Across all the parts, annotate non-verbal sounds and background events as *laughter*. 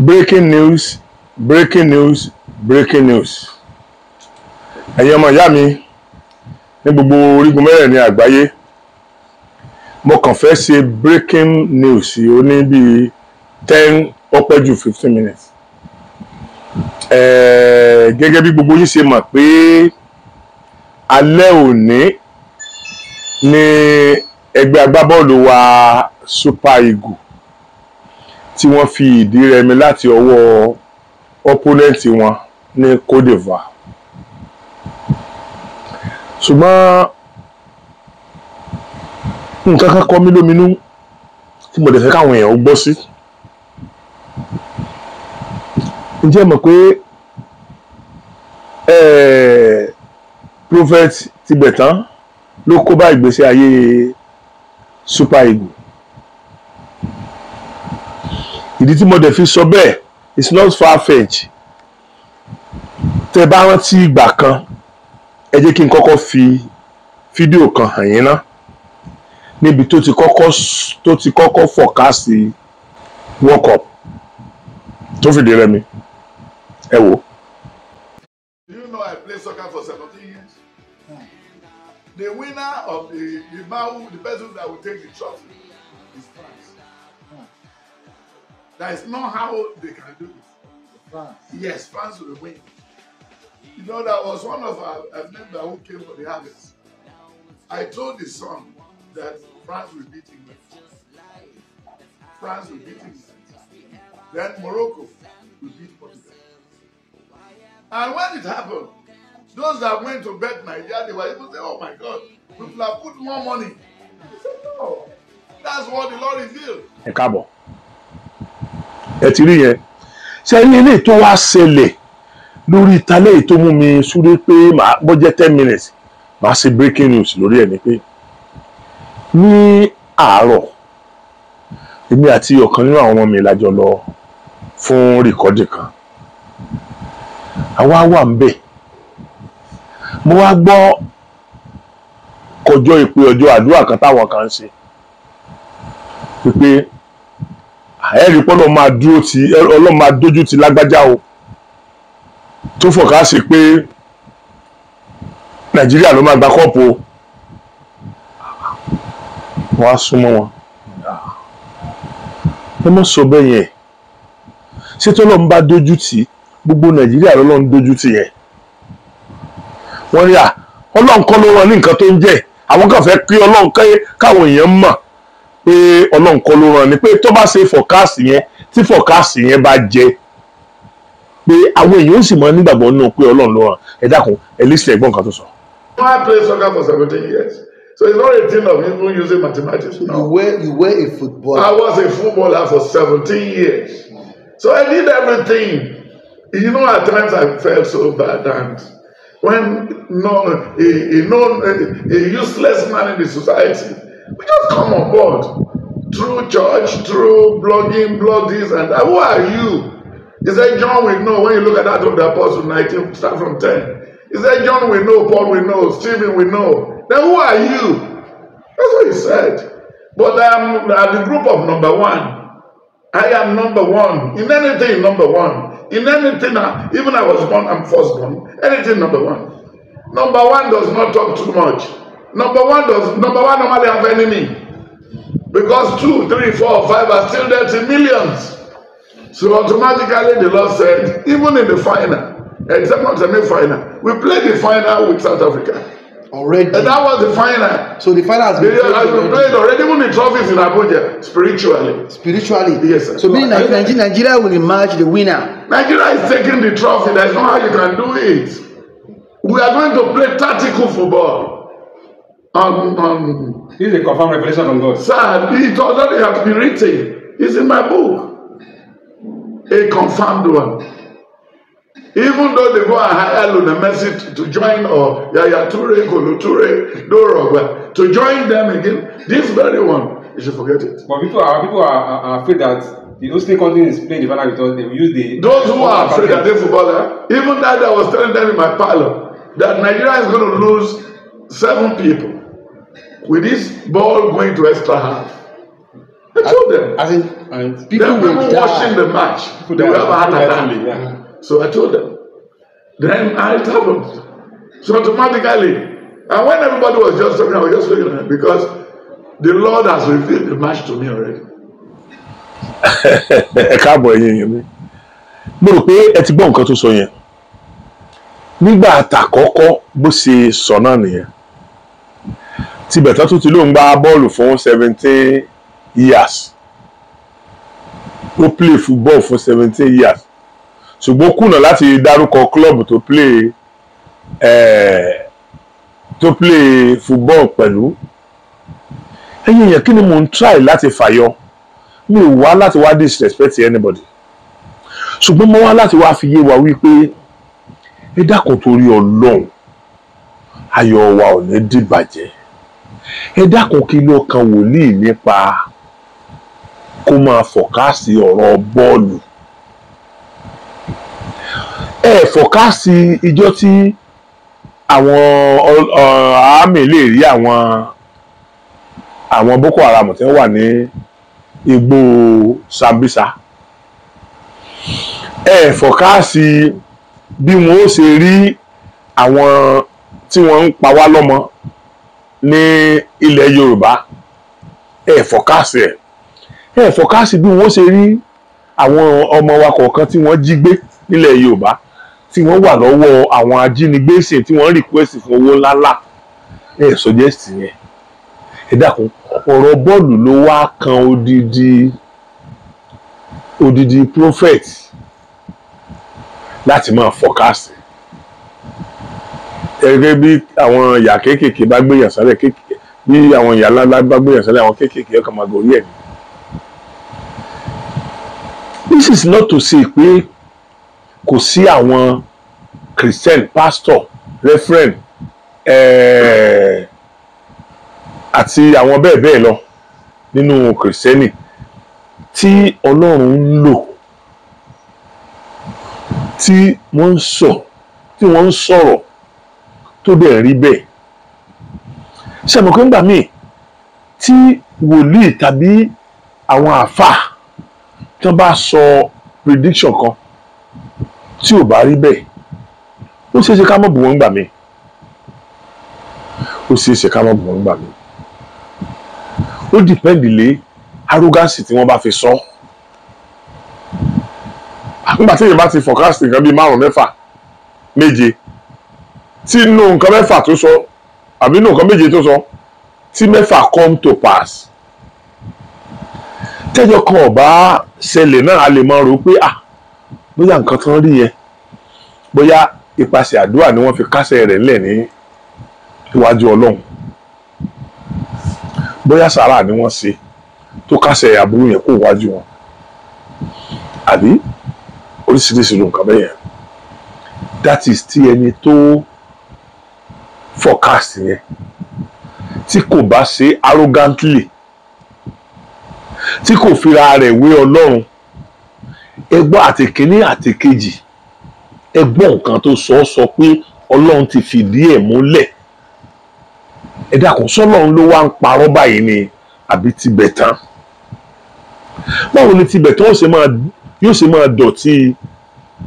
breaking news breaking news breaking news ẹ̀yin ọmọ ìyá mi ní gbogbo orígun mẹ́rẹ̀ẹ̀rin àgbáyé mo kàn fẹ́ ṣe breaking news ó ní bíi ten ó pẹ́ fifteen minutes ẹ̀ẹ́ gẹ́gẹ́ bí gbogbo yín ṣe mọ̀ pé alẹ́ òní ni ẹgbẹ́ agbábọ́ọ̀lù wa Super Eagle tí wọ́n fi ìdí rẹmi láti ọwọ́ ọ́pọ́nẹ́ǹtì wọn ní Cote d'Ivoire ṣùgbọ́n nǹkan kan kọ mí lóminú tí mo dẹ̀ fẹ́ káwọn èèyàn gbọ́ sí ǹjẹ́ mọ̀ pé prophet Tibetan ló kó bá ìgbésí ayé Super Eagle ìdí tí mo dẹ̀ fi sọ bẹ́ẹ̀ it's not far-fetched tẹ́ bá rántí ìgbà kan ẹ jẹ́ kí n kọ́kọ́ fi fídíò kan hàn yín ná níbi tó ti kọ́kọ́ tó ti kọ́kọ́ fọ̀kásì world cup tó fìdí rẹmi ẹ wò. I played soccer for seventeen years? Hmm. The winner of the the man who the person that will take the trophy is France. That is not how they can do it. France. Yes, France will win. You know, that was one of our members who came for the harvest. I told his son that France will beat England. France will beat England. Then Morocco will beat Portugal. And when it happened, those that went to bet Nigeria, they were able to say, oh my God, people have put more money. I said, no. That's what the Lord revealed. Hey, ẹ ti rí yẹn ṣe ní ilé tó wá ṣẹlẹ̀ lórí ìtàlẹ́ tó mú mi súré pé màá bọ́jẹ́ ten minutes màá ṣe breaking news lórí ẹ̀ ni pé ní àárọ̀ èmi àti ọ̀kan nínú àwọn ọmọ mi la jọ lọ fún rìkọ́dì kan àwa wà ń bẹ̀ mo wá gbọ́ kọjọ́ ìpè ọjọ́ àdúrà kan táwọn kan ń ṣe pípé ẹ rí pé ọlọ́run máa dúró ti ọlọ́run máa dójú ti lágbájá o tó fọ̀ká sí pé nàìjíríà ló máa gba kọ́ọ̀pù o wọ́n á súnmọ́ wọn ẹ mọ̀ sọ bẹ́ẹ̀ yẹn ṣé tọ́lọ́run bá dójú tì gbogbo nàìjíríà lọ́lọ́run dójú tì yẹn wọ́n rí à ọlọ́run kọ́ ló wọn ní nǹkan tó ń jẹ́ àwọn kan fẹ́ pé ọlọ́run káwọn èèyàn mọ̀ pé ọlọ́run kọ́ ló rán ni pé tó bá ṣe fọ̀káàsì yẹn tí fọ̀káàsì yẹn bá jẹ pé àwọn èèyàn ó sì mọ nígbàgbọ́ nù pé ọlọ́run ló rán ẹ dákun ẹ lè ṣe ẹ̀gbọ́n kan tó sọ. I played soccer for seventeen years so it's not a thing of even using mathematics now. You were you were a footballer. I was a footballer for seventeen years so I did everything you know at times I felt so bad and when no, a, a, non, a, a useless man in the society We just come on board through church, through blogging, blog this and that. Who are you? Is that John We know when you look at that of the apostle 19, start from 10. Is that John We know, Paul We know, Stephen We know. Then who are you? That's what he said. But I am at the group of number one. I am number one. In anything, number one. In anything, I, even I was born, I'm firstborn. Anything, number one. Number one does not talk too much. Number one does number one normally have enemy because two, three, four, five are still there in millions. So automatically the Lord said, even in the final, except not semi-final, we played the final with South Africa. Already. And that was the final. So the final has been, the, played, has been already. played already. Even the trophies in Abuja, spiritually. Spiritually. Yes. Sir. So, so meaning Nigeria, Nigeria will emerge the winner. Nigeria is taking the trophy. That's no how you can do it. We are going to play tactical football. Um, um, this is a confirmed revelation from God. Sir, it already has been written. It's in my book. A confirmed one. Even though they go and hire Luna Mercy to join or Yaya Ture, koluture Dorogba, to join them again, this very one, you should forget it. But people are people are, are afraid that the Austin country is playing the final they will use the. Those who are afraid that this footballer, eh? even that I was telling them in my parlor, that Nigeria is going to lose seven people with this ball going to extra half. They told them. I think and people then people die. watching the match. they were have Yeah. So I told them. Then it happened. So automatically, and when everybody was just talking, I was just looking at it because the Lord has revealed the match to me already. *laughs* Ẹ káàbọ̀ ẹ̀yin èèyàn mi. Mo rò pé ẹ ti gbọ́ nǹkan tó sọ yẹn. Nígbà àtàkọ́kọ́ bó ṣe sọ náà nìyẹn tibẹ̀ tó tún ti lóun gbá bọ́ọ̀lù fún seventeen years ó play football fún seventeen years ṣùgbọ́n kùnà láti dárúkọ club tó play eh, tó play football pẹ̀lú ẹ̀yin èèyàn kí ni mo ń try láti fàyọ mi ò wá láti wá disrespect anybody ṣùgbọ́n mo wá láti wá fi yé wa wípé ẹ dákun torí ọlọ́run ayọ̀ wa ò ní dìbàjẹ́ ẹ dákun kí ló kan wòlíì nípa kó máa fọ̀kásí ọ̀rọ̀ bọ́ọ̀lù ẹ fọ̀kásí ìjọ tí àwọn àmì lè rí àwọn àwọn Boko Haram tí wọ́n wà ní igbó Sambisa ẹ fọ̀kásí bí wọn ó ṣe rí àwọn tí wọ́n ń pa wá lọ́mọ ní ilẹ̀ yorùbá ẹ fọ́kásì ẹ ẹ fọ́kásì bí wọ́n ṣe rí àwọn ọmọ wa kọ̀ọ̀kan tí wọ́n jí gbé nílẹ̀ yorùbá tí wọ́n wà lọ́wọ́ àwọn ajínigbé sìn tí wọ́n rìkwẹ́sì fún owó ńláńlá ẹ sọjẹ́sì yẹn ẹ dákun ọ̀rọ̀ bọ́ọ̀lù ló wá kan odidi odidi prophet láti máa fọ́kásì gẹ́gẹ́ bí àwọn ìyá kéékèèké bá gbéyàn sálẹ̀ kéékèèké bí àwọn ìyá ńláńlá bá gbéyàn sálẹ̀ àwọn kéékèèké ọkàn máa gorí ẹ̀. this is not to say pé kò sí àwọn christian pastor referent eh, àti àwọn bẹ́ẹ̀ bẹ́ẹ̀ lọ nínú kìrìsìtẹ́nì tí ọlọ́run ń lò tí wọ́n ń sọ tí wọ́n ń sọ̀rọ̀ tó dẹ̀ rí bẹ́ẹ̀ ṣẹ̀mọ̀ pé ńgbà míì tí wòlíì tàbí àwọn àfà tí wọ́n bá sọ prediction kan tí ò bá rí bẹ́ẹ̀ ó ṣeé ṣe ká mọ̀ bù wọ́n ńgbà míì ó ṣeé ṣe ká mọ̀ bù wọ́n ńgbà míì ó dìpẹ́ǹdì lé arúgáǹsì tí wọ́n bá fi sọ nígbà tí èèyàn bá ti forecast nǹkan bíi márùn mẹ́fà méje sínú nǹkan mẹ́fà tó sọ àbí nínú nǹkan méje tó sọ tí mẹ́fà come to pass tẹ́jọ kan ọ̀bá ṣẹlẹ̀ náà a lè máa rò pé ah bóyá nǹkan tán rí yẹn bóyá ipasẹ̀ àdúrà ni wọ́n fi kásẹ̀ rẹ̀ ńlẹ̀ ní iwájú ọlọ́run bóyá sàrà ni wọ́n ṣe tó kásẹ̀ aburú yẹn kó wájú wọn àbí oríṣiríṣi ló nǹkan bẹ́yẹn that is ti ẹni tó forecast yẹn tí kò bá ṣe arrogantly tí kò fira rẹ̀ wé ọlọ́run ẹgbọ́n àti kínní àti kejì ẹgbọ́n nǹkan tó sọ sọ pé ọlọ́run ti fìdí ẹ̀ múlẹ̀ ẹ dákun sọlọ́run ló wá ń parọ́ báyìí ni àbí tibẹ̀ tán báwo ni tibẹ̀ tán yóò ṣe máa dọ̀tí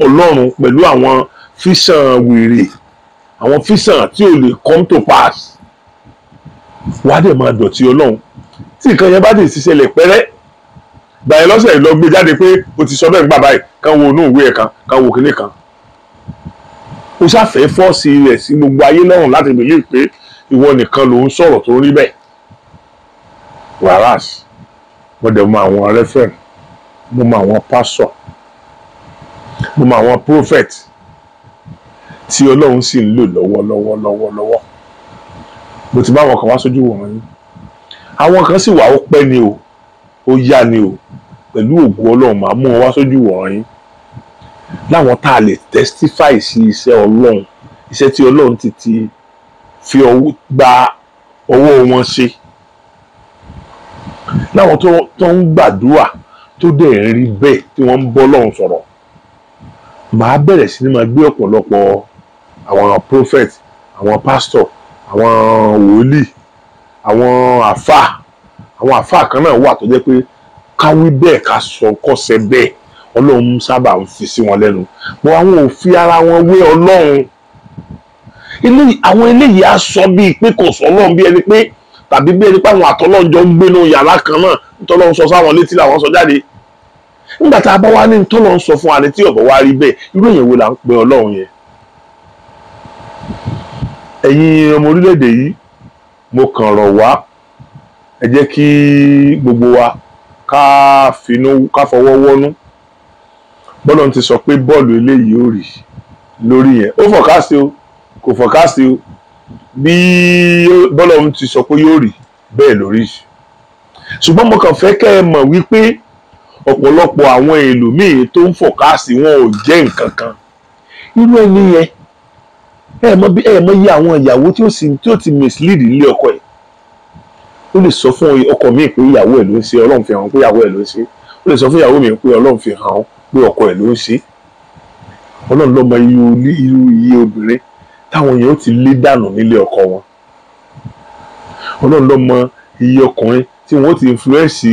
ọlọ́run pẹ̀lú àwọn fíṣàn wèrè àwọn físàn tí ò lè come to pass wàá dẹ̀ máa dọ̀tí ọlọ́run tí nǹkan yẹn bá dẹ̀ ṣiṣẹ́lẹ̀ pẹ́rẹ́ gbàyẹn lọ́sẹ̀ lọ gbé jáde pé o ti sọ bẹ́ẹ̀ gbà báyìí kan wo inú ìwé ẹ̀ kan kan wo kinní kan o ṣàfẹ́ fọ́ọ̀sì rẹ̀ sí gbogbo ayé lọ́rùn láti bìlí pé ìwọ nìkan ló ń sọ̀rọ̀ tó rí bẹ́ẹ̀ wàhálàs wọ́n dẹ̀ mọ àwọn rẹ́fẹ̀rẹ̀ mo mọ àwọn pásọ̀ mo mọ àwọn prophet tí ọlọ́run sì ń lò lọ́wọ́lọ́wọ́ lọ́wọ́lọ́wọ́ bó ti bá àwọn kan wá sójú wọ̀n yín àwọn kan sì wà ó pẹ́ ni o ó yá ni o pẹ̀lú ògùn ọlọ́run màá mú wọn wá sójú wọ̀n yín láwọn tá a lè testify sí iṣẹ́ ọlọ́run iṣẹ́ tí ọlọ́run ti ti fi gba ọwọ́ wọn ṣe láwọn tó ń gbàdúrà tó dẹ̀ ń rí bẹ́ẹ̀ tí wọ́n ń bọ́ lọ́run sọ̀rọ̀ màá bẹ̀rẹ̀ sí ni máa gbé ọ̀pọ̀lọpọ̀ àwọn prophet àwọn pastor àwọn wòlíì àwọn àfà àwọn àfà kan náà wà tó jẹ́ pé káwí bẹ́ẹ̀ ká sọ kọ́sẹ̀ bẹ́ẹ̀ ọlọ́run sábà ń fi sí wọn lẹ́nu bọ́ àwọn ò fi ara wọn wé ọlọ́run àwọn eléyìí á sọ bíi pé kò sọ ọlọ́run bí ẹni pé tàbí bí ẹni pé àwọn àtọ́lọ́jọ ń gbénu yàrá kan náà ntọ́lọ́run sọ sáwọn létí làwọn sọ jáde nígbà tá a bá wá ní ntọ́lọ́run sọ fún wa létí ọ̀bọ̀ wá rí bẹ́ẹ̀ irú èèyàn wo là ń pe ọlọ́run yẹn ẹ̀yin ọmọ orílẹ̀-èdè yìí mo kàn rọ̀ wá ẹ jẹ́ kí gbogbo wa ká finú ká fọwọ́ wọ́nú bọ́lọ̀ ti sọ pé bọ́ọ̀lù eléyìí ò rí lórí yẹn ó fọ̀kásí o kò fọ̀kásí o bí bọ́lọ̀ ti sọ pé yóò rí bẹ́ẹ̀ lórí ṣùgbọ́n mo kàn fẹ́ kẹ́ ẹ mọ̀ wípé ọ̀pọ̀lọpọ̀ àwọn èlòmíì tó ń fọ̀kásí wọn ò jẹ́ nǹkan kan irú ẹni yẹn ẹ mọ bí ẹ mọ iye àwọn ìyàwó tí ó sì tí ó ti mislead ilé ọkọ ẹ̀ ó lè sọ fún ọkọ mi pé ìyàwó ẹ̀ ló ń ṣe Ọlọ́run fi hàn pé ìyàwó ẹ̀ ló ń ṣe ó lè sọ fún ìyàwó mi pé Ọlọ́run fi hàn pé ọkọ ẹ̀ ló ń ṣe Ọlọ́run ló mọ irú iye obìnrin táwọn èèyàn ó ti lé dànù nílé ọkọ wọn Ọlọ́run ló mọ iye ọkùnrin tí wọ́n ti influence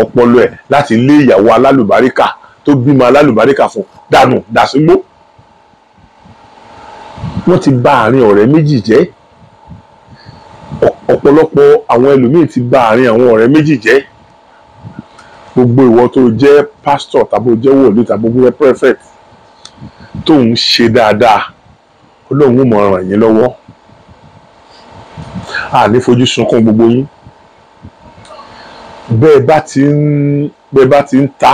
ọpọlọ ẹ̀ láti lé ìyàwó alálùbáríkà tó bímọ alálùbáríkà fún dànù dàsígbó wọ́n ti bà àárín ọ̀rẹ́ méjì jẹ́ ọ̀pọ̀lọpọ̀ àwọn ẹlòmíì ti bà àárín àwọn ọ̀rẹ́ méjì jẹ́ gbogbo ìwọ tó jẹ́ pastor tàbí jẹ́ wòlíì tàbí jẹ́ prefect tó ń ṣe dáadáa Ọlọ́run mọ̀ ràn yín lọ́wọ́ àní fojú sunkún gbogbo yín bẹ́ẹ̀ bá ti ń bẹ́ẹ̀ bá ti ń ta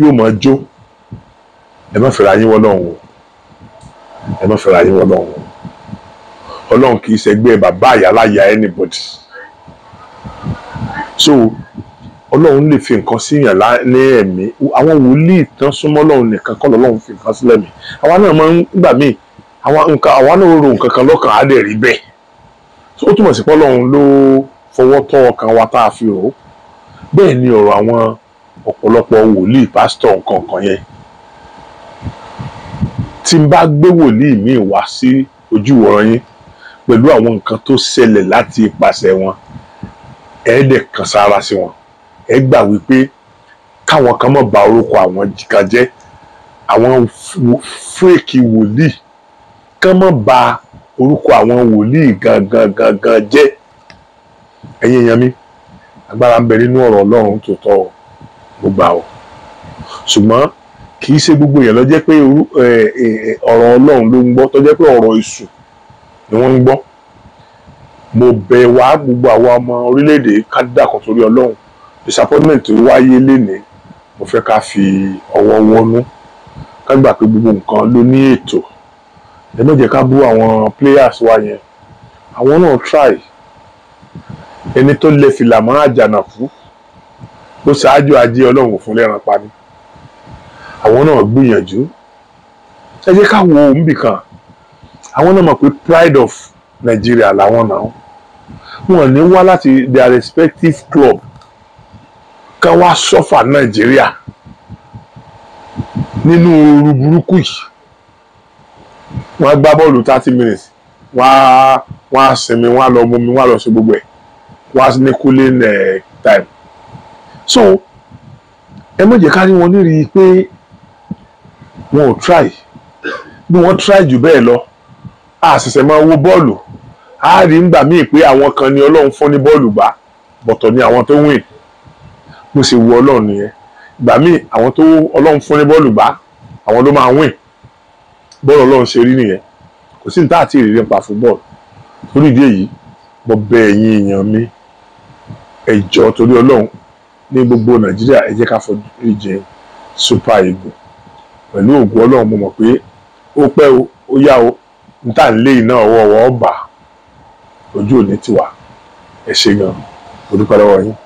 yóò máa jó ẹ má fẹ́ra yín wọ́n lọ́hùn o. ẹ má fẹ́ra yín ọlọ́run kì í ṣẹgbẹ́ bàbá àyàláyà anybody so ọlọ́run lè fi nǹkan sí ní ẹ̀mí àwọn wòlíì tán súnmọ́ ọlọ́run nìkan kọ́ fi nǹkan sílẹ̀ mi àwa náà máa ń gbà àwa náà ro bẹ́ẹ̀ so ó ọlọ́run ló fọwọ́ tọ́ ọkàn wa tí n bá gbé wòlíì mi wá sí ojú wòran yín pẹ̀lú àwọn nǹkan tó ṣẹlẹ̀ láti ipasẹ̀ wọn ẹ dẹ̀ kan sára sí wọn ẹ gbà wípé káwọn kan mọ̀ ba orúkọ àwọn jìkan jẹ́ àwọn fúrèkì wòlíì kán mọ̀ ba orúkọ àwọn wòlíì gangan gangan jẹ́ ẹ̀yin èèyàn mi agbára ń bẹ nínú ọ̀rọ̀ ọlọ́run tó tọ́ ọ mo gbà ṣùgbọ́n kì í ṣe gbogbo èèyàn ló jẹ́ pé ọ̀rọ̀ ọlọ́run ló ń gbọ́ tó jẹ́ pé ọ̀rọ̀ èṣù ni wọ́n ń gbọ́ mo bẹ̀ wá gbogbo àwọn ọmọ orílẹ̀-èdè kádà kan torí ọlọ́run disappointment tó wáyé lénìí mo fẹ́ ká fi ọwọ́ wọnú ká gbà pé gbogbo nǹkan ló ní ètò ẹ má jẹ́ ká bú àwọn players wa yẹn àwọn náà try ẹni tó lè fìlà mọ́ àjànàkú ló ṣáájú ajé ọlọ́run fún lẹ́ran pa ni àwọn náà gbìyànjú ẹ jẹ́ ká wo òǹbì kan àwọn náà mọ̀ pé pride of Nigeria làwọn náà wọn ní wá láti their respective club ká wá sọ́fà Nàìjíríà nínú ooru burúkú yìí wọ́n á gbá bọ́ọ̀lù thirty minutes wọ́n á wọ́n á sinmi wọ́n á lọ mumi wọ́n á lọ ṣe gbogbo ẹ̀ wọ́n á ní cooling eh, time so ẹ má jẹ́ ká rí wọn nírí pé wọn ò try bí wọ́n try jù bẹ́ẹ̀ lọ a ṣẹ̀ṣẹ̀ máa wo bọ́ọ̀lù a rí ngbà míì pé àwọn kan ni ọlọ́run fún ní bọ́ọ̀lù gbá bọ̀tọ̀ ni àwọn tó win mo sì wo ọlọ́run nìyẹn ìgbà míì àwọn tó ọlọ́run fún ní bọ́ọ̀lù gbá àwọn ló máa win bọ́ọ̀lù ọlọ́run ṣe rí nìyẹn kò sí ní tá àti ìrírí nípa fútbọ́ọ̀lù torí ìdí èyí mo bẹ̀ ẹ̀yin èèyàn mi ẹ jọ̀ọ́ torí ọlọ́run ní gbogbo nàìjíríà ẹ jẹ́ ká fojú jẹ super eagle pẹ̀lú ògùn ọlọ́run mo mọ̀ pé ó pẹ́ o ó yá o n tà ń lé iná ọwọ́ ọwọ́ ọba ojú òní tiwa ẹ ṣe gan-an mo dúpẹ́ lọ́wọ́ yín.